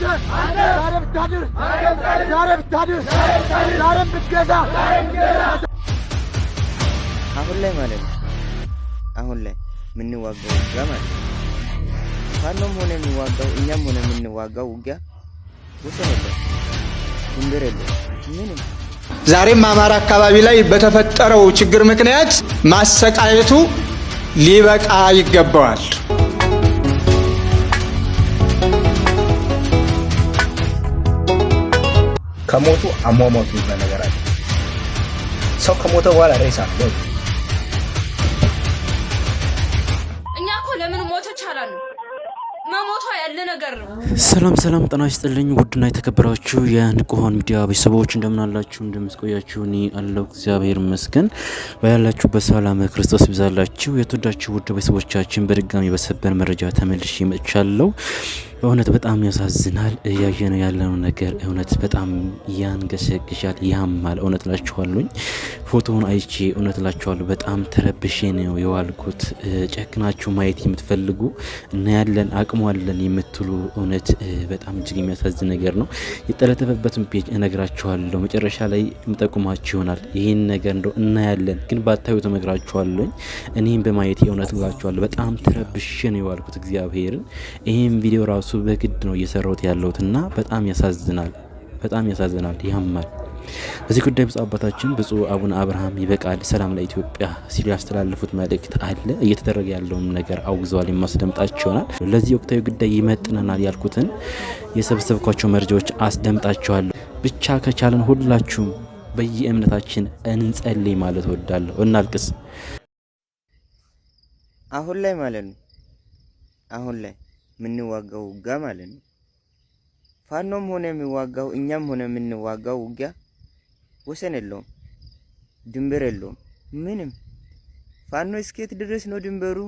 ዛሬ ብታድር፣ ዛሬ ብታድር፣ ብትገዛ አሁን ላይ ማለት ነው። አሁን ላይ የምንዋጋው ውጊያ ማለት ነው። ፋኖም ሆነ የሚዋጋው እኛም ሆነ የምንዋጋው ውጊያ የለም፣ ድንበር የለም፣ ምንም ዛሬም አማራ አካባቢ ላይ በተፈጠረው ችግር ምክንያት ማሰቃየቱ ሊበቃ ይገባዋል። ከሞቱ አሟሟቱ ነገር አለ። ሰው ከሞተ በኋላ ሬሳ አለ። እኛ እኮ ለምን ሞቶች አላልንም። ሰላም ሰላም፣ ጤና ይስጥልኝ ውድና የተከበራችሁ የንቁሆን ሚዲያ ቤተሰቦች እንደምን አላችሁ? እንደምስቆያችሁ እኔ አለሁ እግዚአብሔር ይመስገን። በያላችሁበት በሰላም ክርስቶስ ይብዛላችሁ። የተወዳችሁ ውድ ቤተሰቦቻችን በድጋሚ በሰበር መረጃ ተመልሼ መጥቻለሁ። በእውነት በጣም ያሳዝናል። እያየነው ያለነው ነገር እውነት በጣም ያንገሸግሻል፣ ያማል። እውነት ላችኋሉኝ ፎቶውን አይቼ እውነት ላችኋሉ በጣም ተረብሼ ነው የዋልኩት። ጨክናችሁ ማየት የምትፈልጉ እናያለን አቅሙ አለን የምትሉ እውነት በጣም እጅግ የሚያሳዝን ነገር ነው። የጠለጠፈበትን ፔጅ እነግራችኋለሁ መጨረሻ ላይ የምጠቁማችሁ ይሆናል። ይህን ነገር እንደው እናያለን ግን ባታዩት እነግራችኋለሁኝ። እኔም በማየት እውነት ላችኋለሁ በጣም ተረብሼ ነው የዋልኩት እግዚአብሔርን ይህም ቪዲዮ ራሱ እሱ በግድ ነው እየሰራሁት ያለውትና በጣም ያሳዝናል፣ በጣም ያሳዝናል፣ ያማል። በዚህ ጉዳይ ብፁዕ አባታችን ብፁዕ አቡነ አብርሃም ይበቃል ሰላም ለኢትዮጵያ ሲሉ ያስተላለፉት መልእክት አለ። እየተደረገ ያለውን ነገር አውግዘዋል። የማስደምጣቸው ይሆናል። ለዚህ ወቅታዊ ጉዳይ ይመጥነናል ያልኩትን የሰበሰብኳቸው መረጃዎች አስደምጣችኋለሁ። ብቻ ከቻለን ሁላችሁም በየእምነታችን እንጸልይ ማለት እወዳለሁ። እናልቅስ አሁን ላይ ማለት ነው አሁን ላይ የምንዋጋው ውጊያ ማለት ነው። ፋኖም ሆነ የሚዋጋው እኛም ሆነ የምንዋጋው ውጊያ ወሰን የለውም፣ ድንበር የለውም። ምንም ፋኖ እስከየት ድረስ ነው ድንበሩ?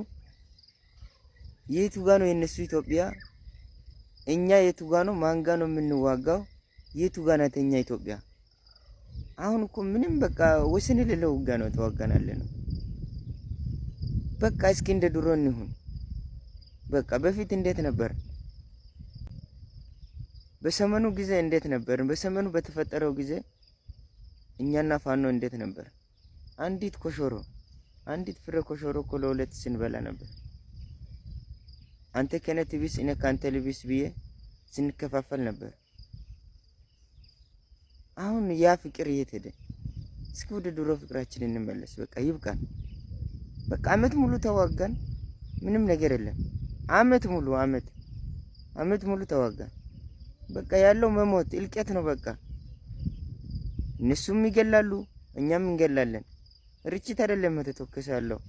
የቱ ጋ ነው የነሱ ኢትዮጵያ? እኛ የቱ ጋ ነው ማንጋ ነው የምንዋጋው? የቱ ጋ ናት እኛ ኢትዮጵያ? አሁን እኮ ምንም በቃ ወሰን የሌለው ውጊያ ነው ተዋጋናለ ነው። በቃ እስኪ እንደ ድሮ እንሁን። በቃ በፊት እንዴት ነበር? በሰመኑ ጊዜ እንዴት ነበር? በሰመኑ በተፈጠረው ጊዜ እኛና ፋኖ እንዴት ነበር? አንዲት ኮሾሮ አንዲት ፍሬ ኮሾሮ እኮ ለሁለት ስንበላ ነበር። አንተ ከነ ትቢስ እኔ ካንተ ልቢስ ብዬ ስንከፋፈል ነበር። አሁን ያ ፍቅር የት ሄደ? እስኪ ወደ ድሮ ፍቅራችን እንመለስ። በቃ ይብቃን። በቃ አመት ሙሉ ተዋጋን፣ ምንም ነገር የለም። አመት ሙሉ አመት አመት ሙሉ ተዋጋን። በቃ ያለው መሞት እልቄት ነው። በቃ እነሱም ይገላሉ፣ እኛም እንገላለን። ርችት አይደለም ተተኮሰ ያለው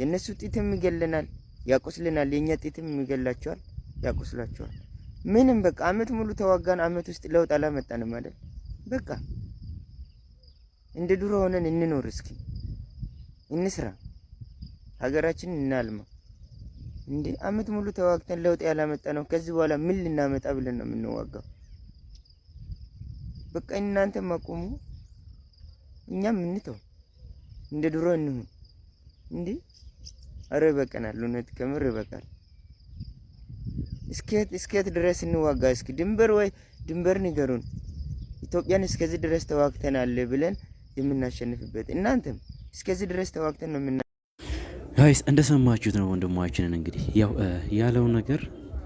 የእነሱ ጢትም ይገልናል፣ ያቆስልናል። የእኛ ጢትም ይገላቸዋል፣ ያቆስላቸዋል። ምንም በቃ አመት ሙሉ ተዋጋን። አመት ውስጥ ለውጥ አላመጣንም አይደል? በቃ እንደ ድሮ ሆነን እንኖር፣ እስኪ እንስራ፣ ሀገራችን እናልማ። እንዴ አመት ሙሉ ተዋግተን ለውጥ ያላመጣ ነው። ከዚህ በኋላ ምን ልናመጣ ብለን ነው የምንዋጋው? በቃ እናንተ ማቆሙ እኛም እንተው፣ እንደ ድሮ እንሁን። እንዴ አረ ይበቀናል፣ እውነት ከምር ይበቃል። እስከት እስከት ድረስ እንዋጋ? እስኪ ድንበር ወይ ድንበር ንገሩን። ኢትዮጵያን እስከዚህ ድረስ ተዋግተናል ብለን የምናሸንፍበት እናንተም እስከዚህ ድረስ ተዋግተን ነው የምና ጋይስ እንደሰማችሁት ነው ወንድማችንን እንግዲህ ያው ያለው ነገር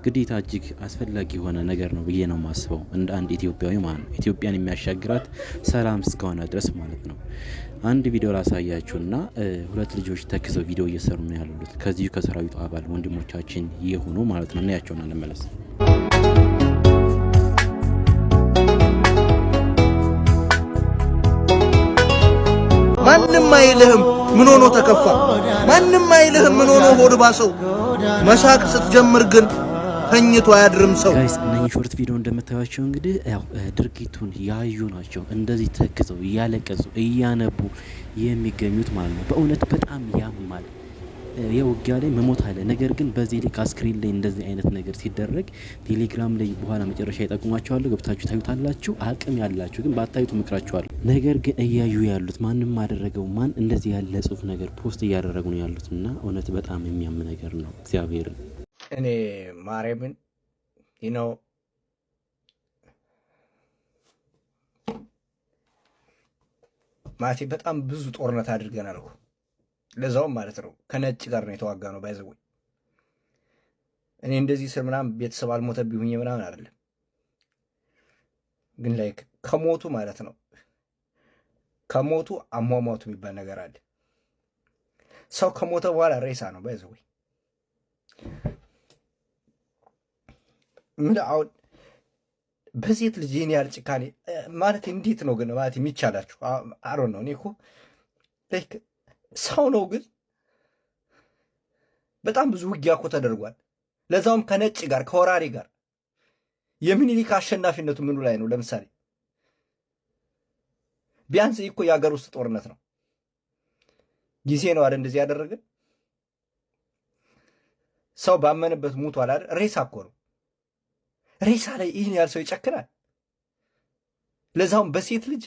ግዴታ እጅግ አስፈላጊ የሆነ ነገር ነው ብዬ ነው የማስበው፣ እንደ አንድ ኢትዮጵያዊ ማለት ነው። ኢትዮጵያን የሚያሻግራት ሰላም እስከሆነ ድረስ ማለት ነው። አንድ ቪዲዮ እና ሁለት ልጆች ተክዘው ቪዲዮ እየሰሩ ነው ያሉት ከዚሁ ከሰራዊቱ አባል ወንድሞቻችን የሆኑ ማለት ነው። እናያቸውና አለመለስ ማንም አይልህም ምን ሆኖ ተከፋ? ማንም አይልህም ምን ሆኖ ሆድ ባሰው። መሳቅ ስትጀምር ግን ተኝቶ አያድርም ሰው። ጋይስ እነኚህ ሾርት ቪዲዮ እንደምታዩቸው እንግዲህ ያው ድርጊቱን ያዩ ናቸው እንደዚህ ተክተው እያለቀሱ እያነቡ የሚገኙት ማለት ነው። በእውነት በጣም ያማል። የውጊያ ላይ መሞት አለ። ነገር ግን በዚህ ልክ አስክሪን ላይ እንደዚህ አይነት ነገር ሲደረግ ቴሌግራም ላይ በኋላ መጨረሻ ይጠቁማቸዋለሁ። ገብታችሁ ታዩታላችሁ። አቅም ያላችሁ ግን በአታዩቱ መክራችኋለሁ። ነገር ግን እያዩ ያሉት ማንም አደረገው ማን እንደዚህ ያለ ጽሁፍ ነገር ፖስት እያደረጉ ነው ያሉት እና እውነት በጣም የሚያም ነገር ነው። እግዚአብሔርን እኔ ማርያምን ነው ማቴ በጣም ብዙ ጦርነት አድርገናል እኮ ለዛውም ማለት ነው ከነጭ ጋር ነው የተዋጋ ነው ባይዘው እኔ እንደዚህ ስር ምናምን ቤተሰብ አልሞተ ቢሁኝ ምናምን አይደለም፣ ግን ላይ ከሞቱ ማለት ነው ከሞቱ አሟሟቱ የሚባል ነገር አለ። ሰው ከሞተ በኋላ ሬሳ ነው ባይዘው ምን አሁን በሴት ልጅ ይህን ያህል ጭካኔ ማለት እንዴት ነው ግን ማለት የሚቻላችሁ? አሮን ነው እኔ እኮ ሰው ነው ግን በጣም ብዙ ውጊያ እኮ ተደርጓል። ለዛውም ከነጭ ጋር ከወራሪ ጋር የሚኒሊክ አሸናፊነቱ ምኑ ላይ ነው? ለምሳሌ ቢያንስ እኮ የሀገር ውስጥ ጦርነት ነው። ጊዜ ነው አይደል እንደዚህ ያደረግን። ሰው ባመንበት ሙቷል አይደል? ሬሳ እኮ ነው። ሬሳ ላይ ይህን ያህል ሰው ይጨክናል? ለዛውም በሴት ልጅ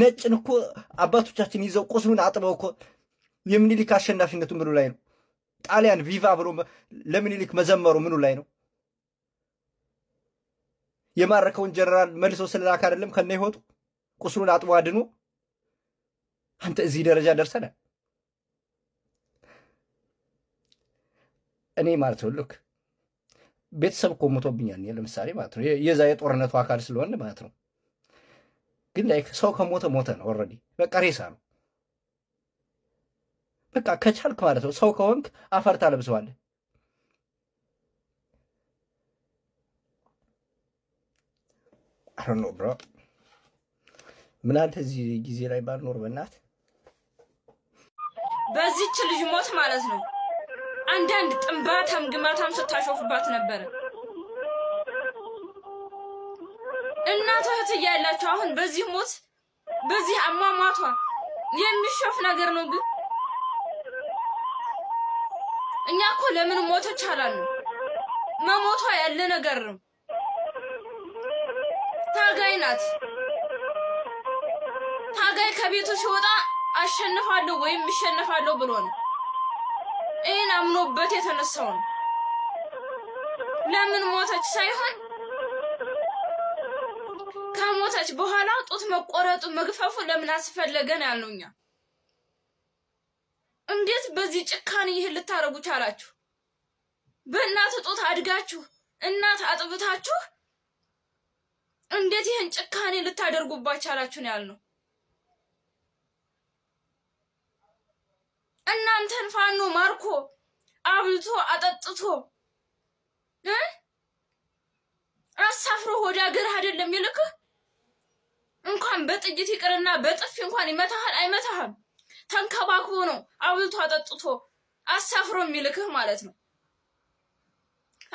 ነጭን እኮ አባቶቻችን ይዘው ቁስሉን አጥበው እኮ የምኒልክ አሸናፊነቱ ምኑ ላይ ነው? ጣሊያን ቪቫ ብሎ ለምኒልክ መዘመሩ ምኑ ላይ ነው? የማረከውን ጀነራል መልሶ ስለላክ አይደለም ከነ ይወጡ ቁስሉን አጥቦ አድኖ አንተ እዚህ ደረጃ ደርሰናል። እኔ ማለት ነው ልክ ቤተሰብ እኮ ሞቶብኛል። ለምሳሌ ማለት ነው የዛ የጦርነቱ አካል ስለሆነ ማለት ነው ግን ላይክ ሰው ከሞተ ሞተ ነው። ኦልሬዲ በቃ ሬሳ ነው። በቃ ከቻልክ ማለት ነው ሰው ከሆንክ አፈር ታለብሰዋለህ። አሁን ብሮ ምን አለ እዚህ ጊዜ ላይ ባልኖር በእናት በዚች ልጅ ሞት ማለት ነው። አንዳንድ ጥንባታም ግማታም ስታሾፉባት ነበረ። እናቷ እህት ያላቸው አሁን በዚህ ሞት በዚህ አሟሟቷ የሚሾፍ ነገር ነው። ግን እኛ እኮ ለምን ሞተች አላልነው። መሞቷ ያለ ነገር ነው። ታጋይ ናት። ታጋይ ከቤቱ ሲወጣ አሸንፋለሁ ወይም ይሸነፋለሁ ብሎ ነው። ይህን አምኖበት የተነሳው ነው። ለምን ሞተች ሳይሆን ከሞተች በኋላ ጡት መቆረጡ መግፈፉ ለምን አስፈለገን ያልነው እኛ። እንዴት በዚህ ጭካኔ ይህን ልታረጉ ቻላችሁ? በእናት ጡት አድጋችሁ እናት አጥብታችሁ እንዴት ይህን ጭካኔ ልታደርጉባት ቻላችሁ ነው ያልነው። እናንተን ፋኖ ማርኮ አብልቶ አጠጥቶ አሳፍሮ ወደ ሀገር አይደለም ይልክህ። እንኳን በጥይት ይቅርና በጥፊ እንኳን ይመታሃል አይመታህም። ተንከባክቦ ነው አብልቶ አጠጥቶ አሳፍሮ የሚልክህ ማለት ነው።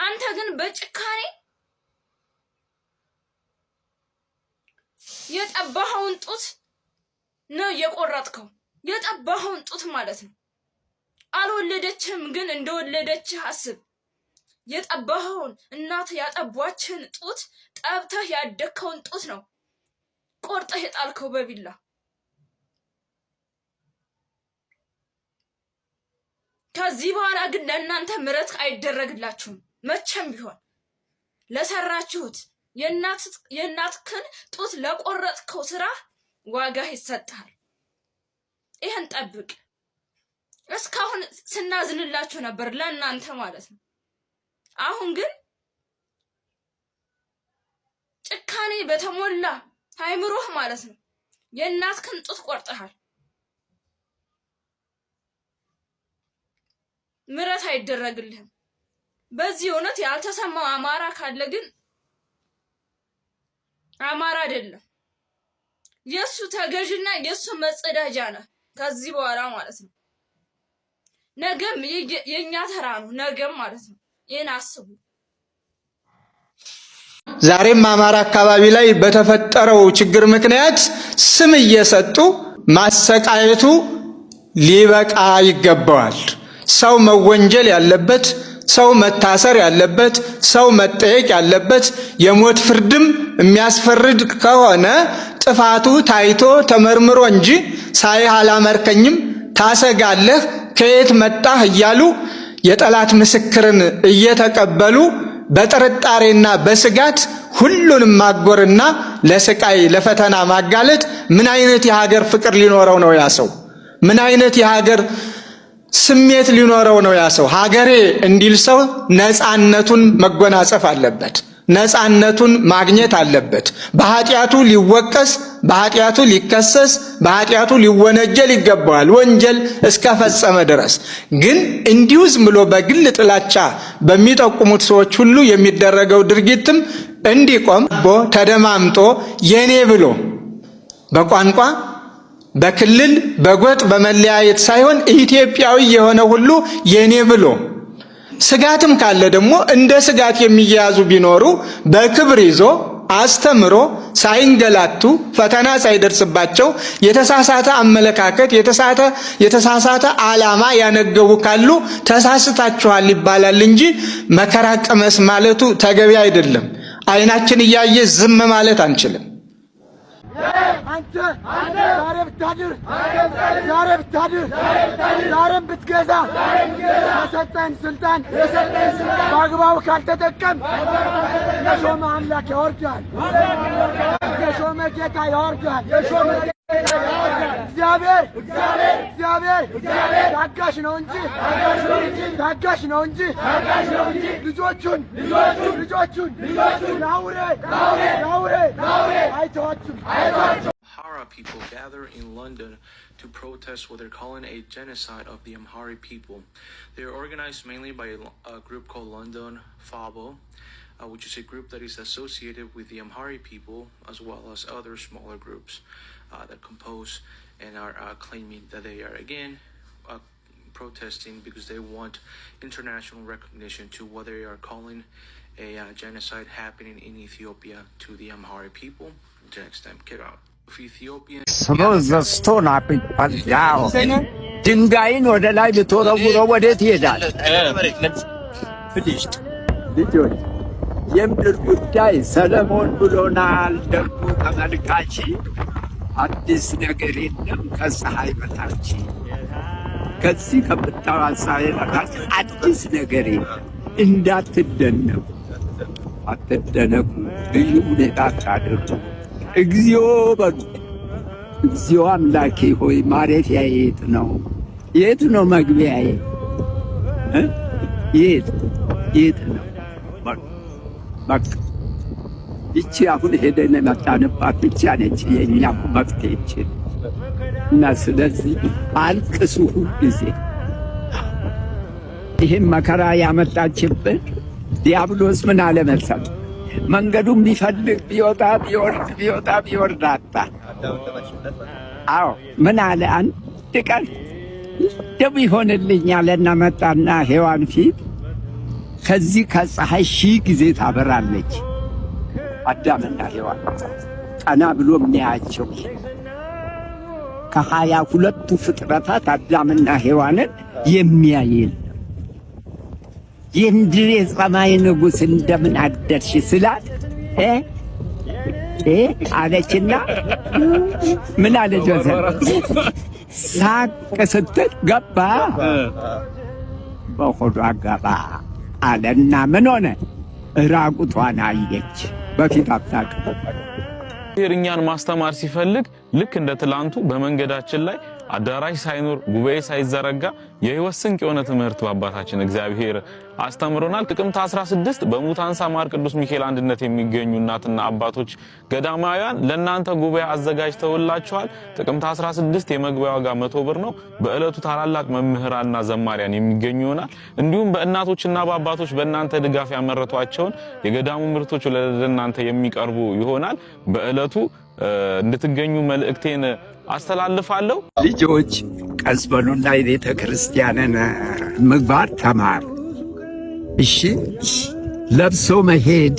አንተ ግን በጭካኔ የጠባኸውን ጡት ነው የቆረጥከው። የጠባኸውን ጡት ማለት ነው። አልወለደችህም፣ ግን እንደወለደችህ አስብ። የጠባኸውን እናት ያጠቧችህን ጡት ጠብተህ ያደግከውን ጡት ነው ቆርጠህ የጣልከው በቢላ ከዚህ በኋላ ግን ለእናንተ ምሕረት አይደረግላችሁም መቼም ቢሆን ለሰራችሁት የእናትክን ጡት ለቆረጥከው ስራ ዋጋ ይሰጥሃል። ይህን ጠብቅ። እስካሁን ስናዝንላችሁ ነበር ለእናንተ ማለት ነው። አሁን ግን ጭካኔ በተሞላ ሳይምሮህ ማለት ነው። የእናትህን ጡት ቆርጠሃል። ምረት አይደረግልህም። በዚህ እውነት ያልተሰማው አማራ ካለ ግን አማራ አይደለም። የሱ ተገዥና የሱ መጸዳጃ ነህ ከዚህ በኋላ ማለት ነው። ነገም የኛ ተራ ነው። ነገም ማለት ነው። ይህን አስቡ። ዛሬም አማራ አካባቢ ላይ በተፈጠረው ችግር ምክንያት ስም እየሰጡ ማሰቃየቱ ሊበቃ ይገባዋል። ሰው መወንጀል ያለበት፣ ሰው መታሰር ያለበት፣ ሰው መጠየቅ ያለበት፣ የሞት ፍርድም የሚያስፈርድ ከሆነ ጥፋቱ ታይቶ ተመርምሮ እንጂ ሳይህ አላመርከኝም፣ ታሰጋለህ፣ ከየት መጣህ እያሉ የጠላት ምስክርን እየተቀበሉ በጥርጣሬና በስጋት ሁሉንም ማጎርና ለስቃይ ለፈተና ማጋለጥ ምን አይነት የሀገር ፍቅር ሊኖረው ነው ያ ሰው? ምን አይነት የሀገር ስሜት ሊኖረው ነው ያ ሰው? ሀገሬ እንዲል ሰው ነፃነቱን መጎናጸፍ አለበት። ነፃነቱን ማግኘት አለበት። በኃጢአቱ ሊወቀስ፣ በኃጢአቱ ሊከሰስ፣ በኃጢአቱ ሊወነጀል ይገባዋል ወንጀል እስከፈጸመ ድረስ። ግን እንዲሁ ዝም ብሎ በግል ጥላቻ በሚጠቁሙት ሰዎች ሁሉ የሚደረገው ድርጊትም እንዲቆም ቦ ተደማምጦ የኔ ብሎ በቋንቋ በክልል በጎጥ በመለያየት ሳይሆን ኢትዮጵያዊ የሆነ ሁሉ የኔ ብሎ ስጋትም ካለ ደግሞ እንደ ስጋት የሚያያዙ ቢኖሩ በክብር ይዞ አስተምሮ ሳይንገላቱ ፈተና ሳይደርስባቸው የተሳሳተ አመለካከት የተሳሳተ ዓላማ ያነገቡ ካሉ ተሳስታችኋል ይባላል እንጂ መከራ ቅመስ ማለቱ ተገቢ አይደለም። ዓይናችን እያየ ዝም ማለት አንችልም። አንተ ዛሬ ብታድር ዛሬ ብታድር ዛሬም ብትገዛ የሰጠን ስልጣን በአግባቡ ካልተጠቀም የሾመ አምላክ ያወርዳል። የሾመ ጌታ ያወርዳል። እግዚአብሔር እግዚአብሔር ታጋሽ ነው እንጂ ታጋሽ ነው እንጂ ልጆቹን ልጆቹን ለአውሬ አይተዋችሁም። አይተዋችም። people gather in London to protest what they're calling a genocide of the Amhari people. They're organized mainly by a, group called London Fabo, uh, which is a group that is associated with the Amhari people as well as other smaller groups uh, that compose and are uh, claiming that they are again uh, protesting because they want international recognition to what they are calling a uh, genocide happening in Ethiopia to the Amhari people. next time, get out. ስሎ ዘስቶ ናብኛል። ድንጋይን ወደ ላይ ልትወረውረው ወዴት ይሄዳል? ልጆች የምድር ጉዳይ ሰለሞን ብሎናል። ደግሞ ተመልካች አዲስ ነገር የለም ከፀሐይ በታች ከዚህ ፀሐይ በታች አዲስ ነገር የለም። እንዳትደነቁ፣ አትደነቁ። ልዩ ሁኔታ ታደርጉ እግዚኦ በሉ። እግዚኦ አምላኬ ሆይ ማረፊያ የት ነው? የት ነው መግቢያዬ? የት የት ነው? በቃ ይቺ አሁን ሄደን የመጣንባት ብቻ ነች የእኛ መፍትሄችን እና ስለዚህ አልቅሱ ሁል ጊዜ ይህም መከራ ያመጣችብን ዲያብሎስ ምን አለመሰል መንገዱም ቢፈልግ ቢወጣ ቢወርድ ቢወጣ ቢወርድ አጣ። አዎ ምን አለ? አንድ ቀን ደብ ይሆንልኝ አለና መጣና ሔዋን ፊት ከዚህ ከፀሐይ ሺህ ጊዜ ታበራለች። አዳምና ሔዋን ቀና ብሎ የሚያያቸው ከሀያ ሁለቱ ፍጥረታት አዳምና ሔዋንን የሚያይል የምድር የጸማይ ንጉሥ እንደምን አደርሽ ስላት አለችና ምን አለ መሰለህ? ሳቅ ስትል ገባ በሆዷ ገባ አለና ምን ሆነ? ራቁቷን አየች። በፊት አታውቅም። እኛን ማስተማር ሲፈልግ ልክ እንደ ትላንቱ በመንገዳችን ላይ አዳራሽ ሳይኖር ጉባኤ ሳይዘረጋ የህይወት ስንቅ የሆነ ትምህርት በአባታችን እግዚአብሔር አስተምሮናል። ጥቅምት 16 በሙታንሳ ማር ቅዱስ ሚካኤል አንድነት የሚገኙ እናትና አባቶች ገዳማውያን ለእናንተ ጉባኤ አዘጋጅተውላችኋል። ጥቅምት 16 የመግቢያ ዋጋ መቶ ብር ነው። በእለቱ ታላላቅ መምህራንና ዘማሪያን የሚገኙ ይሆናል። እንዲሁም በእናቶችና በአባቶች በእናንተ ድጋፍ ያመረቷቸውን የገዳሙ ምርቶች ለእናንተ የሚቀርቡ ይሆናል። በዕለቱ እንድትገኙ መልእክቴን አስተላልፋለሁ። ልጆች ቀስ በሉና የቤተ ክርስቲያንን ምግባር ተማር እሺ፣ ለብሶ መሄድ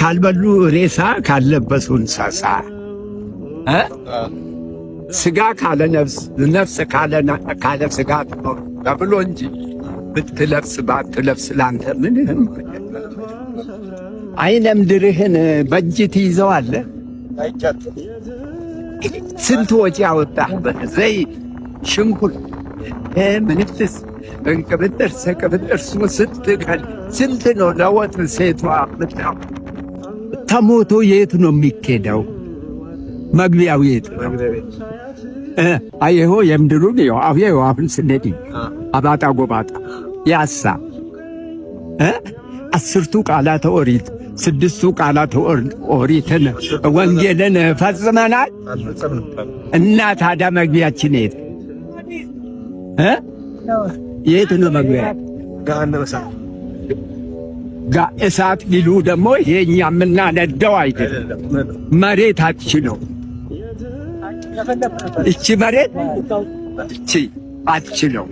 ካልበሉ ሬሳ ካልለበሱ እንስሳ ስጋ ካለ ነፍስ ነፍስ ካለ ስጋ ተብሎ እንጂ ብትለብስ ባትለብስ ላንተ ምንህም አይነ ምድርህን በእጅ ትይዘዋለህ። ስንት ወጪ አወጣህበት? ዘይት፣ ሽንኩርት፣ ምንፍስ፣ እንቅብጥር፣ ስቅብጥር ስንት ቀን ስንት ነው ለወጥ ሴቷ ምጣው። ተሞቶ የት ነው የሚኬደው? መግቢያው የት ነው? አይሆ የምድሩን ው አብ አፍን ስነዲ አባጣ ጎባጣ ያሳ አስርቱ ቃላተ ኦሪት ስድስቱ ቃላት ኦሪትን ወንጌልን ፈጽመናል እና ታዲያ መግቢያችን የት የት ነው መግቢያ? እሳት ሊሉ ደግሞ ይሄ እኛ የምናነደው አይደለም። መሬታችን ነው እቺ መሬት እቺ አትችለው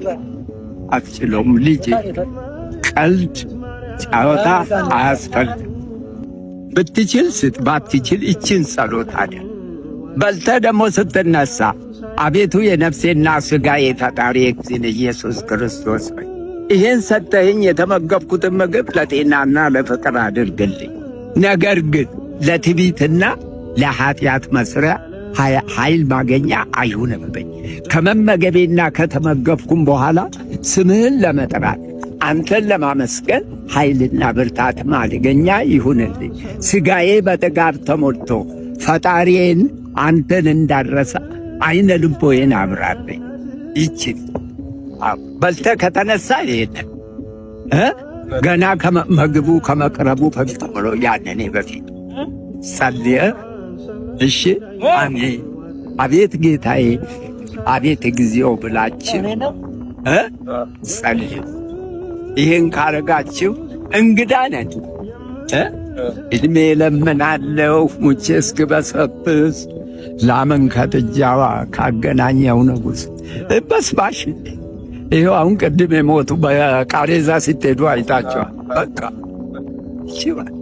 አትችለውም። ልጅ ቀልድ ጫወታ አያስፈልግም። ብትችል ስት ባትችል ይችን ጸሎት አድር። በልተ ደግሞ ስትነሳ አቤቱ የነፍሴና ሥጋ የፈጣሪ እግዚእነ ኢየሱስ ክርስቶስ ሆይ ይህን ሰጠህኝ የተመገብኩትን ምግብ ለጤናና ለፍቅር አድርግልኝ። ነገር ግን ለትቢትና ለኀጢአት መሥሪያ ኃይል ማገኛ አይሁንብኝ። ከመመገቤና ከተመገብኩም በኋላ ስምህን ለመጥራት አንተን ለማመስገን ኃይልና ብርታት ማድገኛ ይሁንልኝ። ስጋዬ በጥጋብ ተሞልቶ ፈጣሪዬን አንተን እንዳረሳ አይነ ልቦዬን አብራልኝ። ይችል በልተ ከተነሳ ይሄ ገና ከመግቡ ከመቅረቡ በፊት ብሎ ያንን በፊት ጸልየ እሺ አሜን። አቤት ጌታዬ፣ አቤት እግዚኦ ብላችን ጸልዩ። ይህን ካረጋችሁ እንግዳ ነን። እድሜ ለምናለው ሙቼ እስክበሰብስ ላመን ከጥጃዋ ካገናኘው ንጉሥ በስባሽ ይኸው አሁን ቅድም የሞቱ በቃሬዛ ሲትሄዱ አይታቸዋል። በቃ ይችላል።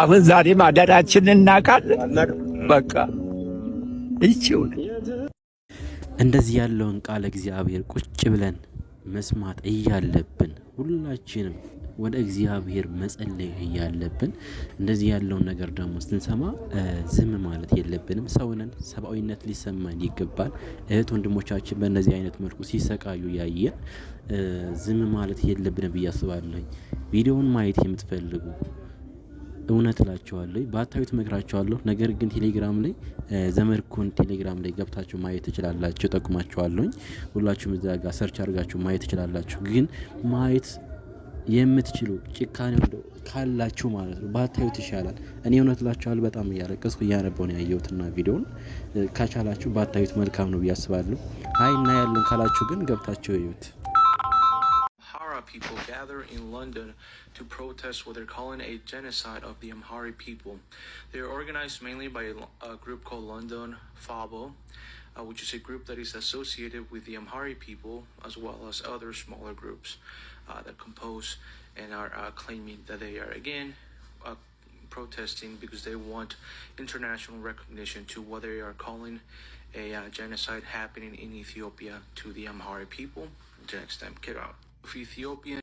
አሁን ዛሬ ማደራችን እናቃል። በቃ ይችውነ እንደዚህ ያለውን ቃለ እግዚአብሔር ቁጭ ብለን መስማት እያለብን ሁላችንም ወደ እግዚአብሔር መጸለይ እያለብን እንደዚህ ያለውን ነገር ደግሞ ስንሰማ ዝም ማለት የለብንም። ሰውነን ሰብአዊነት ሊሰማን ይገባል። እህት ወንድሞቻችን በእነዚህ አይነት መልኩ ሲሰቃዩ ያየን ዝም ማለት የለብንም ብዬ አስባለሁኝ። ቪዲዮውን ማየት የምትፈልጉ እውነት እላችኋለሁ ባታዩት እመክራችኋለሁ። ነገር ግን ቴሌግራም ላይ ዘመድኩን ቴሌግራም ላይ ገብታችሁ ማየት ትችላላችሁ። ጠቁማችኋለሁኝ። ሁላችሁም እዚያ ጋር ሰርች አድርጋችሁ ማየት ትችላላችሁ። ግን ማየት የምትችሉ ጭካኔ ካላችሁ ማለት ነው ባታዩት ይሻላል። እኔ እውነት እላችኋለሁ በጣም እያለቀስኩ እያነበውን ያየሁትና ቪዲዮን ከቻላችሁ ባታዩት መልካም ነው ብዬ አስባለሁ። አይ እና ያለን ካላችሁ ግን ገብታችሁ እዩት። people gather in London to protest what they're calling a genocide of the Amhari people. They're organized mainly by a, group called London Fabo, uh, which is a group that is associated with the Amhari people, as well as other smaller groups uh, that compose and are uh, claiming that they are again uh, protesting because they want international recognition to what they are calling a uh, genocide happening in Ethiopia to the Amhari people. next time, get out. oficio bien.